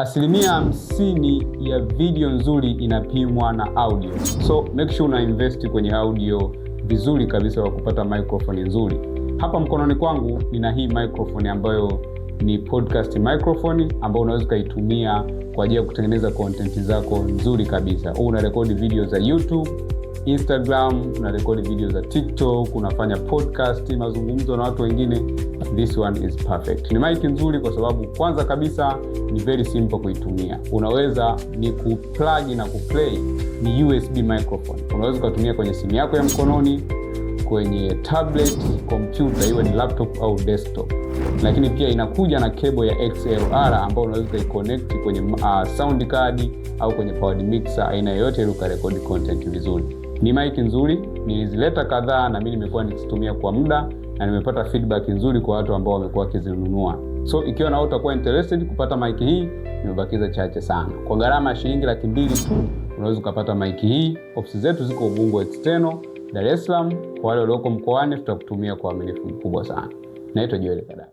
Asilimia hamsini ya video nzuri inapimwa na audio, so make sure una invest kwenye audio vizuri kabisa kwa kupata microphone nzuri. Hapa mkononi kwangu nina hii microphone ambayo ni podcast microphone ambayo unaweza ukaitumia kwa ajili ya kutengeneza kontenti zako nzuri kabisa. Huu unarekodi video za YouTube Instagram, unarekodi video za TikTok, unafanya podcast, mazungumzo na watu wengine, this one is perfect. Ni maiki nzuri kwa sababu kwanza kabisa ni very simple kuitumia. Unaweza ni kuplug na kuplay, ni USB microphone. Unaweza ukatumia kwenye simu yako ya mkononi, kwenye tablet, kompyuta iwe ni laptop au desktop, lakini pia inakuja na kebo ya XLR ambayo unaweza ukaiconnect kwenye uh, sound card au kwenye powered mixer aina yoyote, ili ukarekodi content vizuri. Ni mic nzuri, nilizileta kadhaa na mimi nimekuwa nikizitumia kwa muda na nimepata feedback nzuri kwa watu ambao wamekuwa wakizinunua. So ikiwa na utakuwa interested kupata mic hii, nimebakiza chache sana. Kwa gharama ya shilingi laki mbili tu unaweza ukapata mic hii. Ofisi zetu ziko ubungu external Dar es Salaam. Kwa wale walioko mkoani, tutakutumia kwa uaminifu mkubwa sana. Naitwa Joel Kadai.